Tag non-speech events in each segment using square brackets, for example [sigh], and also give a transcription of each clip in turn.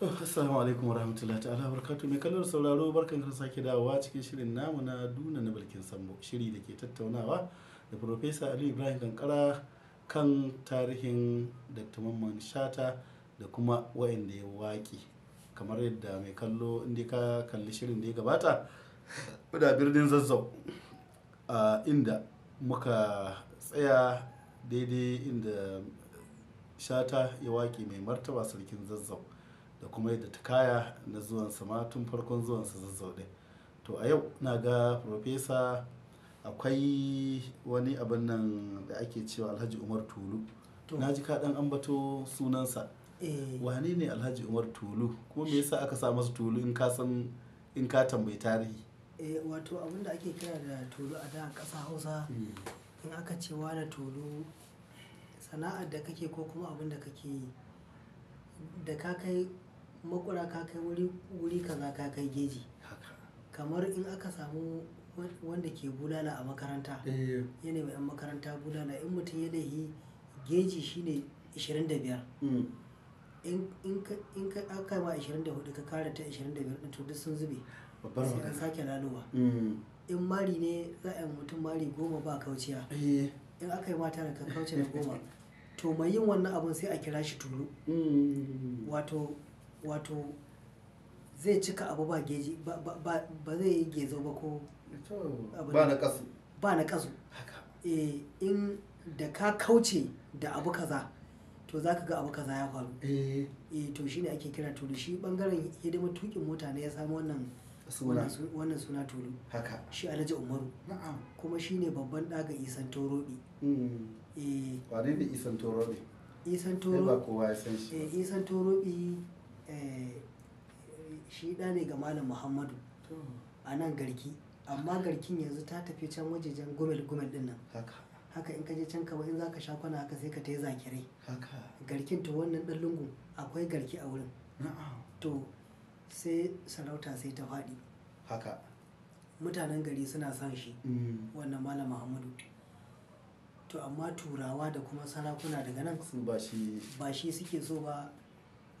Assalamu alaikum wa rahmatullahi ta'ala barkatu mai kallon sauraro barkan kan sake dawowa cikin shirin namu na duna na bilkin sambo shiri da ke tattaunawa da Profesa Ali Ibrahim Kankara kan tarihin Dr. Mamman Shata da kuma wa'anda ya waƙi kamar yadda mai kallo inda ka kalli shirin da ya gabata da birnin zazzau a inda muka tsaya daidai inda shata ya waƙi mai martaba sarkin zazzau da kuma yadda ta kaya na zuwansa ma tun farkon zuwansa zazzau ɗin to a yau na ga profesa akwai wani abin nan da ake cewa alhaji umar tulu na ji kaɗan ambato sunansa eh. wane ne alhaji umar tulu kuma me yasa aka sa masa tulu in ka san in ka tambayi tarihi eh, wato abin da ake kira da tulu a da ƙasa hausa hmm. in aka ce wane tulu sana'ar da kake ko kuma abin da kake da ka kai makura ka kai wuri kaza ka kai geji kamar in aka samu wanda ke bulala a makaranta yana mai yan makaranta bulala in mutum ya dahi geji shine 25 mm. in ka aka ma 24 ka kare ta 25 din to duk sun zube sai ka sake lalowa mm. in mari ne za a yi mutum mari goma ba kauciya eh. in aka yi mata da ka kauce da goma to mai yin wannan abun sai a kira shi tulu mm. wato wato zai cika abu ba geji ba zai yi gezo ba ko ba na kasu ba na kasu e, eh, in da ka kauce da abu kaza to za ka ga abu kaza ya faru eh, eh to shi ne ake kira tulu shi bangaren hidimar tukin mota ne ya samu wannan wannan suna tulu haka shi alhaji umaru na'am kuma ne babban daga isan torobi mm. eh wane ne isan torobi isan torobi ba kowa ya san shi eh, isan torobi Eh, shi ɗa ne ga malam muhammadu a nan garki amma garkin yanzu ta tafi can wajejen gumel gumel din nan haka in ka je can kawai in za ka sha kwana haka sai ka ta yi zakirai garkin to wannan ɗan lungu akwai garki a wurin to sai sarauta sai ta faɗi haka mutanen gari suna son shi mm. wannan malam muhammadu to amma turawa da kuma sarakuna daga nan ba shi suke so ba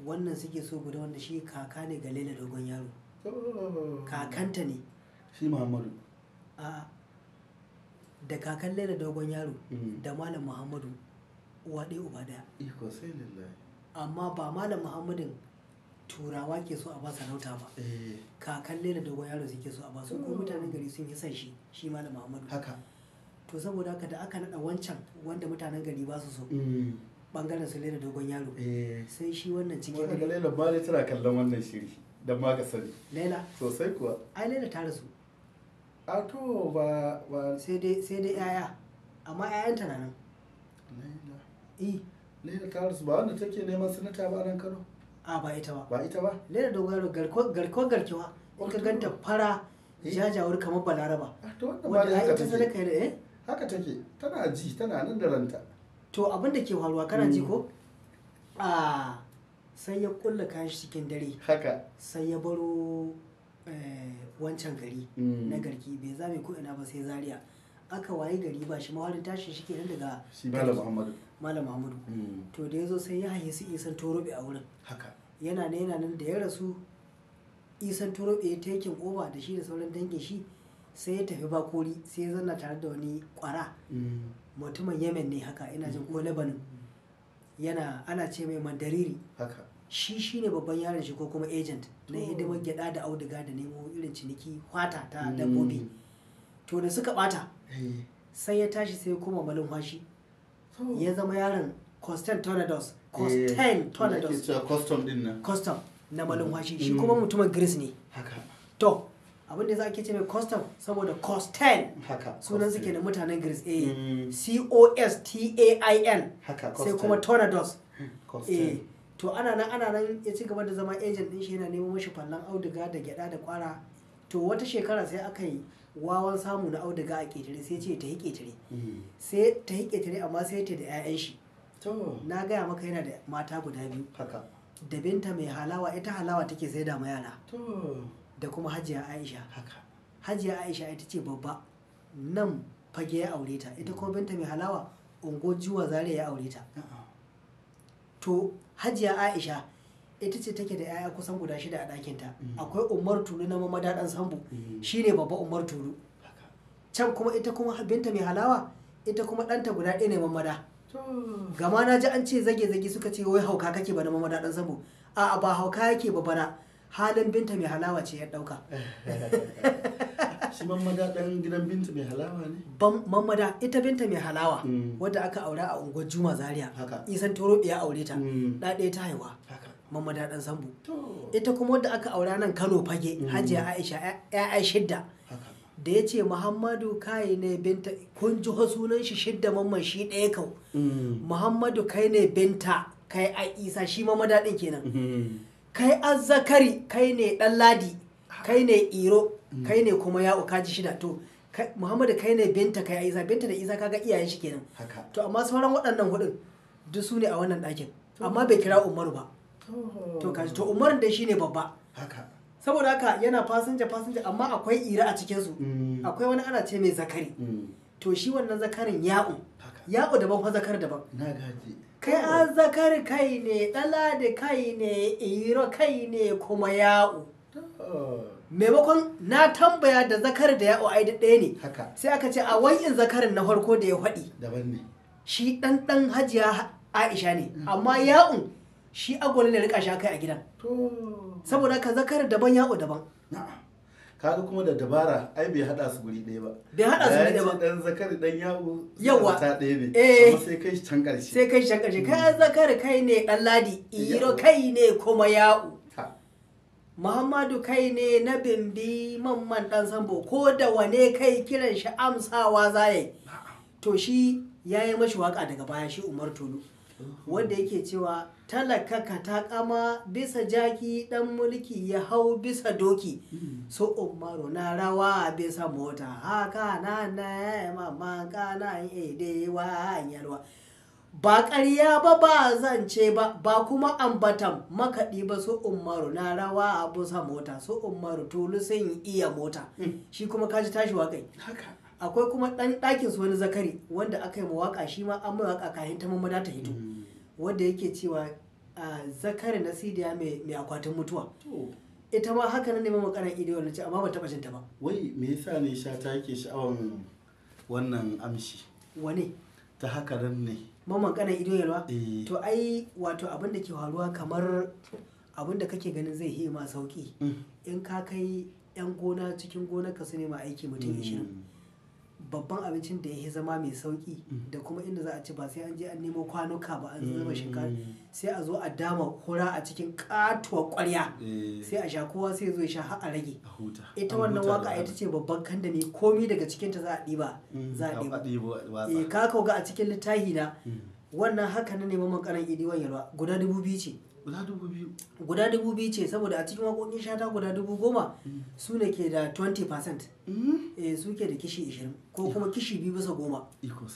wannan suke so guda wanda shi kaka ne ga laila dogon yaro oh. kakanta ne shi muhammadu a da kakan laila dogon yaro hmm. da malam muhammadu uwa ɗaya uba ɗaya amma ba malam muhammadin turawa ke so a ba sarauta ba eh. kakan laila dogon yaro suke so a ba su ko oh. mutanen gari sun yi san shi shi malam muhammadu haka to saboda haka da aka naɗa wancan wanda mutanen gari ba su so hmm. bangaren su da dogon yaro eh. sai shi wannan cikin wani laila ba ne tana kallon wannan shiri da ma ka sani laila sosai kuwa ai laila ta rasu a to ba ba sai dai sai dai yaya amma yayanta na nan laila eh laila ta rasu ba wanda take neman sanata ba nan karo a ba ita ba ba ita ba laila dogon yaro garko garko garkewa in ka ganta fara eh. jajawar kamar balaraba wanda ai ta sadaka da eh haka take tana ji tana nan da ranta to abin da ke faruwa kana ji mm. ko a sai ya kulla kashi cikin dare haka sai ya baro eh, wancan gari mm. na garki bai zame ko ina ba sai zaria aka waye gari ba shi mawarin tashi shi kenan daga malam muhammadu malam muhammadu mm. to da yazo sai ya haye su isan torobe a wurin haka yana ne yana nan da ya rasu isan torobe ya takin koba da shi da sauran dangin shi sai ya tafi bakori sai ya zanna tare da wani kwara mutumin yemen ne haka ina jin ko mm. lebanon mm. yana ana ce mai mandariri haka shi shi ne babban yaron shi ko kuma agent na hidimar gyada da auduga da nemo irin ciniki kwata ta mm. dabbobi to da suka bata eh. sai ya tashi sai kuma malin fashi ya zama yaron constant tornadoes eh. constant tornadoes na malin fashi shi kuma mutumin greece ne to abin da za a ce mai custom saboda costain sunan suke da mutanen gris eh, mm. a c-o-s-t-a-i-n sai kuma tornadoes mm, eh, to ana nan ana nan ya ci gaba da zama agent din shi yana neman mashi fallan auduga da gyada da kwara to wata shekara sai aka yi wawan samu na auduga a ƙetare sai ce ta yi ƙetare mm. sai ta yi ƙetare amma sai ta da 'ya'yan shi na gaya maka yana da mata guda biyu da binta mai halawa ita halawa take sai da yara da kuma hajiya aisha haka hajiya aisha ita ce babba nan fage ya aure ta ita kuma binta mai halawa ungo zare ya aure ta to hajiya aisha ita ce take da 'ya'ya kusan guda shida a ɗakinta mm. akwai umar tulu na mamada dan sambu mm. shine babba umar tulu can kuma ita kuma binta mai halawa ita kuma ɗanta guda ɗaya ne mamada gama na ji an ce zage-zage suka ce wai hauka kake ba na mamada dan sambu a'a ba hauka yake ba bana halin binta mai halawa ce ya dauka [laughs] shi mamada ɗan gidan binta mai halawa ne mamada ita binta mai halawa mm. wadda aka aura a unguwar juma zaria isan toro ya aure ta da mm. ɗaya ta haihuwa mamada ɗan sambu ita kuma wadda aka aura nan kano fage mm. hajiya aisha ya'ya shidda da ya ce muhammadu kai ne binta kun ji sunan shi shidda mamman shi ɗaya kau muhammadu kai ne binta kai a isa shi mamada ɗin kenan mm-hmm. kai azzakari kai ne dan ladi kai ne iro hmm. kai ne kuma ya'u kaji shida to muhammadu kai ne binta kai isa binta da isa kaga iyayen shi kenan to amma sauran waɗannan hudun duk su ne a wannan ɗakin amma bai kira umaru ba to kaji to umarun dai ne babba saboda haka yana fasinja fasinja amma akwai ira a cikin su hmm. akwai wani ana ce mai zakari hmm. to shi wannan zakarin ya'u ya'u daban fa zakar daban na gaji kai zakar kai ne ɗala da kai ne iro kai ne kuma ya'u oh. maimakon na tambaya da zakar da ya'u ai da ɗaya ne sai aka ce a wankin zakarin na farko da ya faɗi shi ɗanɗan hajiya aisha ne mm. amma ya'un shi agwalin ne rika sha kai a gidan saboda ka zakar daban ya'u daban kaga kuma da dabara ai bai hada su guri ɗaya ba bai hada su guri ɗaya ba dan zakari dan yawo yawa ta ɗaya ne eh sai kai can karshe sai kai can karshe kai hmm. zakari kai ne dan ladi iro kai ne kuma yawo Muhammadu kai ne na bimbi mamman dan sambo ko da wane kai kiran shi amsawa zai to shi yayi mashi waka daga baya shi Umar Tolu wanda yake cewa talaka ka takama bisa jaki dan mulki ya hau bisa doki hmm. so umaru na rawa bisa mota haka na na mama kana wa yarwa ba ƙarya ba ba zance ba ba kuma ambatan makaɗi ba su umaru na rawa a busa mota su umaru tulu sun iya mota hmm. shi kuma kaji tashi waƙai haka akwai kuma dan ɗakin su wani zakari wanda aka yi mawaƙa shi ma an mawaƙa kayan ta mamada ta hito mm. wanda yake cewa zakari na sidiya mai akwatin mutuwa ita ma haka na neman makaran ido wani ce amma ban taɓa jinta ba wai me yasa ne sha ta yake sha'awan wannan amshi wani ta haka nan ne mamman kanan ido yalwa eh. to ai wato abin da ke faruwa kamar abin da kake ganin zai yi ma sauki mm. in ka kai yan gona cikin gona ka su nema aiki mutum ishirin mm. babban abincin da ya zama mai sauki mm. da kuma inda za a ci ba sai an je an nemo kwanuka ba an zama shinkafa mm. sai a zo a dama kura a cikin katuwa kwarya eh. sai a sha kowa sai zo sha har a rage ita wannan waka ita ce babban kanda ne komi daga cikin ta za a ɗiba mm, za a ɗiba eh, ka ga a cikin littafi na wannan haka na neman makaran idi guda dubu biyu ce guda dubu biyu guda dubu biyu ce saboda a cikin waƙoƙin shata guda dubu goma su ne ke da 20% mm-hmm. eh su ke da kishi 20 ko kuma kishi biyu bisa goma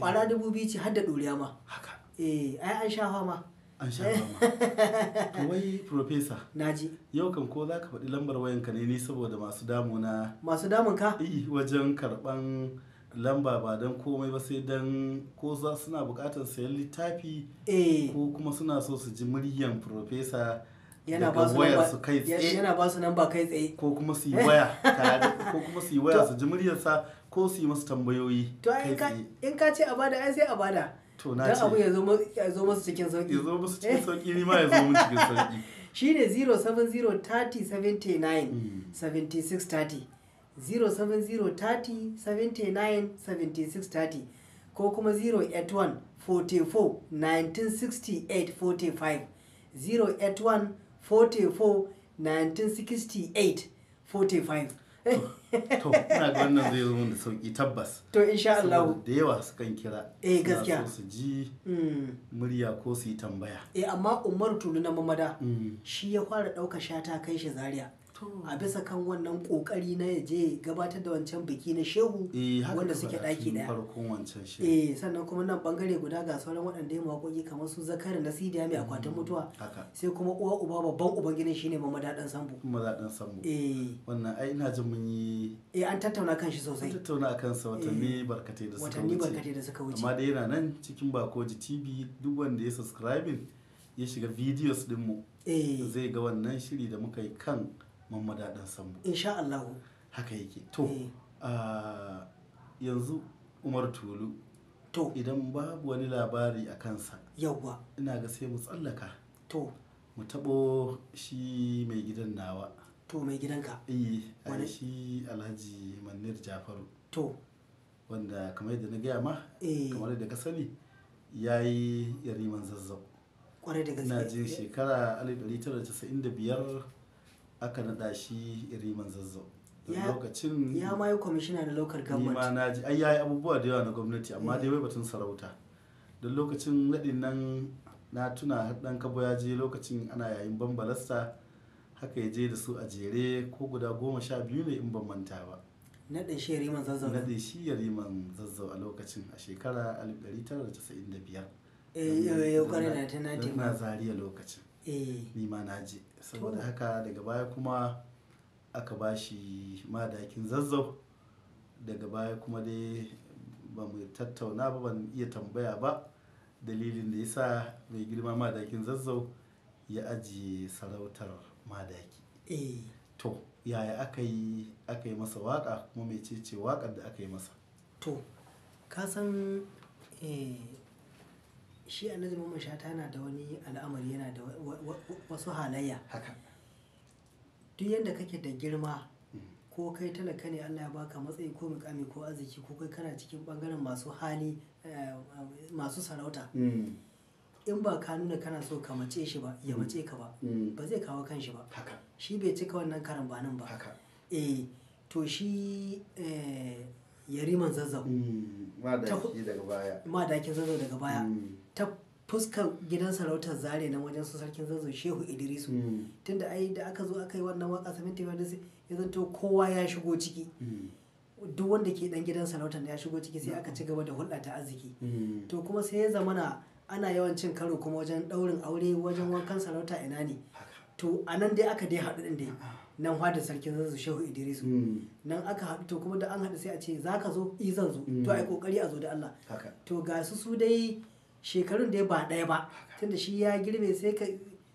kwana dubu biyu ce har da ɗoriya ma haka eh ai an sha fama an sha fama [laughs] wai profesa naji yau kan ko za ka faɗi lambar wayanka ne ni saboda masu damuna masu damun ka wajen karɓan lamba ba don komai ba sai don ko za suna bukatar sayan littafi eh. ko kuma suna so su ji muryan profesa yana ba su kai tsaye yana ba su kai tsaye ko kuma su yi eh. waya [laughs] ko kuma su yi waya su ji muryarsa ko su yi masu tambayoyi to in ka ce a bada ai sai a bada to na ce zo ya zo masu cikin sauki ya zo masu eh. cikin sauki ni ma ya zo mun cikin sauki shine 070 30 79 07030 ko kuma 08144 1968 45 081 1968 45 to ina ga wannan zai zo da sauki tabbas to insha Allah da yawa sukan kira eh gaskiya su ji mm. murya ko su yi tambaya eh amma Umar Tulu na Mamada mm. shi ya fara ɗauka shata kai shi Zaria a bisa kan wannan kokari na ya je gabatar da wancan biki na shehu eh, wanda suke daki daya eh sannan kuma nan bangare guda ga sauran waɗanda ya makoki kamar su zakarin da sidiya mai akwatin mm, mutuwa sai kuma uwa uba babban uban gidan shine mama dadan sambu mama dadan sambu eh wannan ai ina jin mun yi eh an tattauna kan shi sosai tattauna akan sa watanni eh. barkatai da suka wuce watanni barkatai da suka wuce amma da yana nan cikin bakoji tv duk wanda ya subscribing ya shiga videos mu. Eh. zai ga wannan shiri da muka yi kan mamada dan sambo insha Allah haka yake to eh. ah, yanzu Umar Tulu to idan babu wani labari a kansa yawwa ina ga sai mu tsallaka to mu tabo shi mai gidan nawa to mai gidanka eh wani shi Alhaji Manir Jafaru to wanda kamar yadda na gaya ma eh. kamar yadda ka sani ya yi yariman zazzau kwarai da gaske na jin shekara 1995 aka naɗa shi man zazzau lokacin ya mayu yi kwamishina na local government ma na ji ai yayi abubuwa da yawa na gwamnati amma dai bai batun sarauta don lokacin nadin nan na tuna dan kabo ya je lokacin ana yayin bambalasta haka ya je da su a jere ko guda goma sha biyu ne in ban manta ba naɗin shi yariman zazzau nadin shi yariman zazzau a lokacin a shekara 1995 eh yau yau kwarai na ta na zariya lokacin Eh. ni ma na je saboda haka daga baya kuma aka ba shi madakin zazzau daga baya kuma dai ba mu tattauna ba ban iya tambaya ba dalilin da ya sa mai girma madakin zazzau ya ajiye sarautar madaki eh. to yaya aka yi masa waka kuma mai cece wakar da aka yi masa to ka san eh, shi annabi Muhammad Shata tana da wani al'amari yana da wasu halayya haka duk yadda kake da girma mm. ko kai talaka ne Allah ya baka matsayi ko mukami ko arziki ko kai kana cikin bangaren masu hali eh, masu sarauta mm. in ba ka nuna kana so ka mace shi ba ya mm. mace ka ba ba zai kawo kan shi ba Haka. shi bai cika wannan karambanin ba Haka. eh to shi eh, yariman zazzau mm, madakin zazzau daga baya mm. ta fuskar gidan sarautar zare na wajen su sarkin zazzau shehu idrisu mm. tunda ai da aka zo aka yi wannan waka saminti wanda ya zanto kowa ya shigo ciki duk wanda ke dan gidan sarautar ya shigo ciki sai aka ci gaba da hulɗa ta arziki to kuma sai ya zamana ana yawan cin karo kuma wajen ɗaurin aure wajen wankan sarauta ina ne to anan dai aka dai haɗu ɗin dai nan hada sarkin zanzu shehu idris hmm. nan aka haɗu to kuma da an haɗu sai a ce za ka zo izan zan zo to ai kokari hmm. a zo da allah to ga su su dai shekarun da ba ɗaya ba tunda shi ya girbe sai ka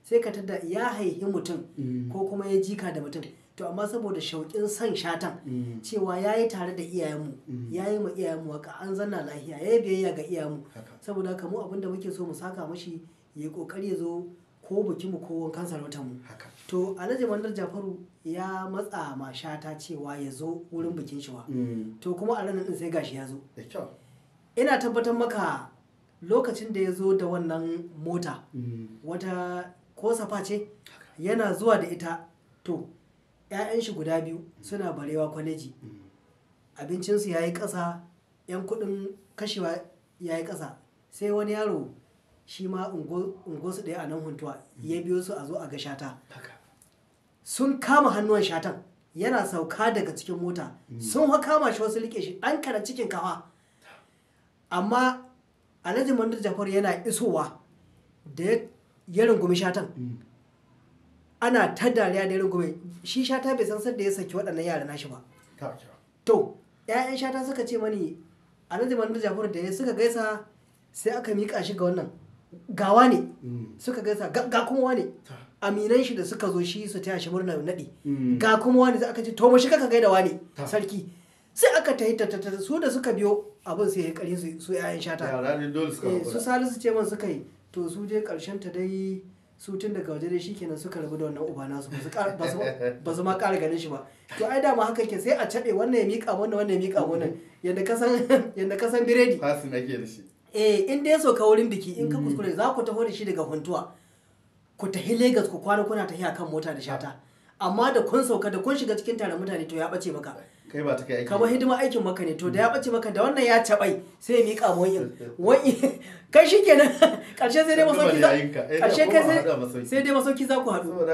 sai ka tada ya haihi mutum hmm. ko kuma ya jika da mutum to amma saboda shauƙin san shatan cewa ya yi tare da iyayenmu ya yi ma iyayenmu waka an zanna lahiya ya yi biyayya ga iyayenmu saboda haka mu abinda muke so mu saka mashi ya yi ƙoƙari ya zo ko bikinmu ko wankan sarautar haka to alhaji mandar jafaru ya matsa ma shata cewa ya zo wurin bikin shi mm. to kuma a ranar din sai gashi ya zo ina tabbatar maka lokacin da ya zo da wannan mota mm. wata ko safa ce yana zuwa da ita to 'ya'yan shi guda biyu suna barewa kwaleji mm. abincinsu ya yi ƙasa 'yan kuɗin kashewa ya yi ƙasa sai wani yaro shi ma ungo su ɗaya a nan huntuwa ya biyo su a zo a gashata sun kama hannuwan shatan yana sauka daga cikin mota sun ha kama shi wasu rike shi ɗan kana cikin kawa amma alhaji mandar jafar yana isowa da ya rungumi shatan ana ta dariya da ya rungumi shi shata bai san sadda ya saki waɗannan yara nashi ba to 'ya'yan shata suka ce mani alhaji mandar jafar da ya suka gaisa sai aka miƙa shi ga wannan gawa ne mm. suka gaisa ga kuma wane aminan shi da suka zo shi su taya shi murna naɗi mm. ga kuma wani za aka ce to shi kaka gaida wani sarki sai aka ta yi tattata su da suka biyo abin sai ya kari su yayan shata eh, su salisu ce man suka yi to su je karshen ta dai su tun daga waje dai shikenan suka rabu da wannan uba nasu ba su ma ƙara ganin shi ba to ai dama haka ke sai a caɓe wannan ya miƙa wannan wannan ya miƙa wannan yadda [laughs] ka san biredi fasin ake da shi eh in dai so ka wurin biki in ka kuskure za ku taho da shi daga huntuwa ku tahi Legas ku kwana kuna tahiya kan mota da shata amma da kun sauka da kun shiga cikin tare mutane to ya bace maka kai ba ta kai aiki kamar hidima aikin maka ne to da ya bace maka da wannan ya tabai sai ya mika moyin [laughs] wai kai shikenan karshe [laughs] sai dai masoki za karshe eh, kai sai sai dai masauki za ku haɗu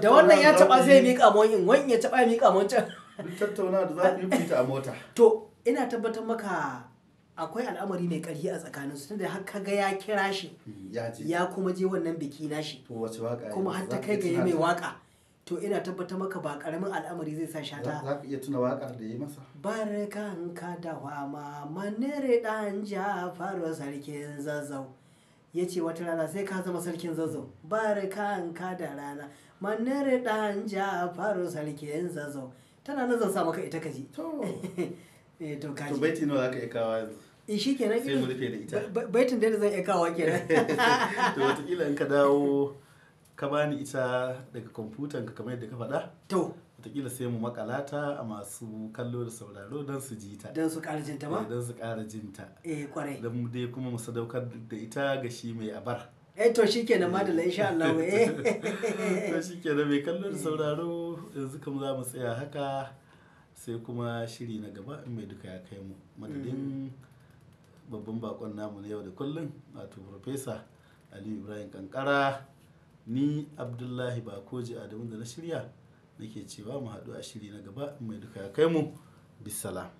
da wannan ya caba sai ya mika moyin wani ya caba ya mika moyin tattauna da za ku yi fita a mota [laughs] to ina tabbatar maka akwai al'amari mai ƙarfi a tsakaninsu tunda har kaga ya kira shi hmm, ya kuma je wannan biki shi kuma har ta kai ga mai waka to ina tabbata maka ba karamin al'amari zai sa shata za ka iya tuna waƙar da yi masa barkan ka da wama manere dan jafar sarkin zazzau ya ce wata rana sai ka zama sarkin zazzau barkan ka da rana manere dan jafar sarkin zazzau tana nazar sa maka ita kaji to [laughs] eh to kaji to baiti nawa za ka iya kawo yanzu Eh, shi kenan sai mu ita baitin da zan iya kawo kenan [laughs] to watakila in ka dawo ka bani ita daga kwamfutan ka kamar yadda ka faɗa to watakila sai mu makalata ta a masu kallo da sauraro don su ji ta don su ƙara jinta ma eh, don su ƙara jinta eh kwarai don mu dai kuma mu sadaukar da ita ga shi mai abar eh to shikenan la insha Allah eh [laughs] to shikenan mai kallo da sauraro yanzu kuma za mu tsaya haka sai kuma shiri na gaba in mai duka ya kai mu madadin mm. babban bakon namu na yau da kullum wato Profesa Ali Ibrahim Kankara ni Abdullahi Bakoji Adamu da na shirya nake cewa mu haɗu a shiri na gaba mai duka ya kai mu bisalam.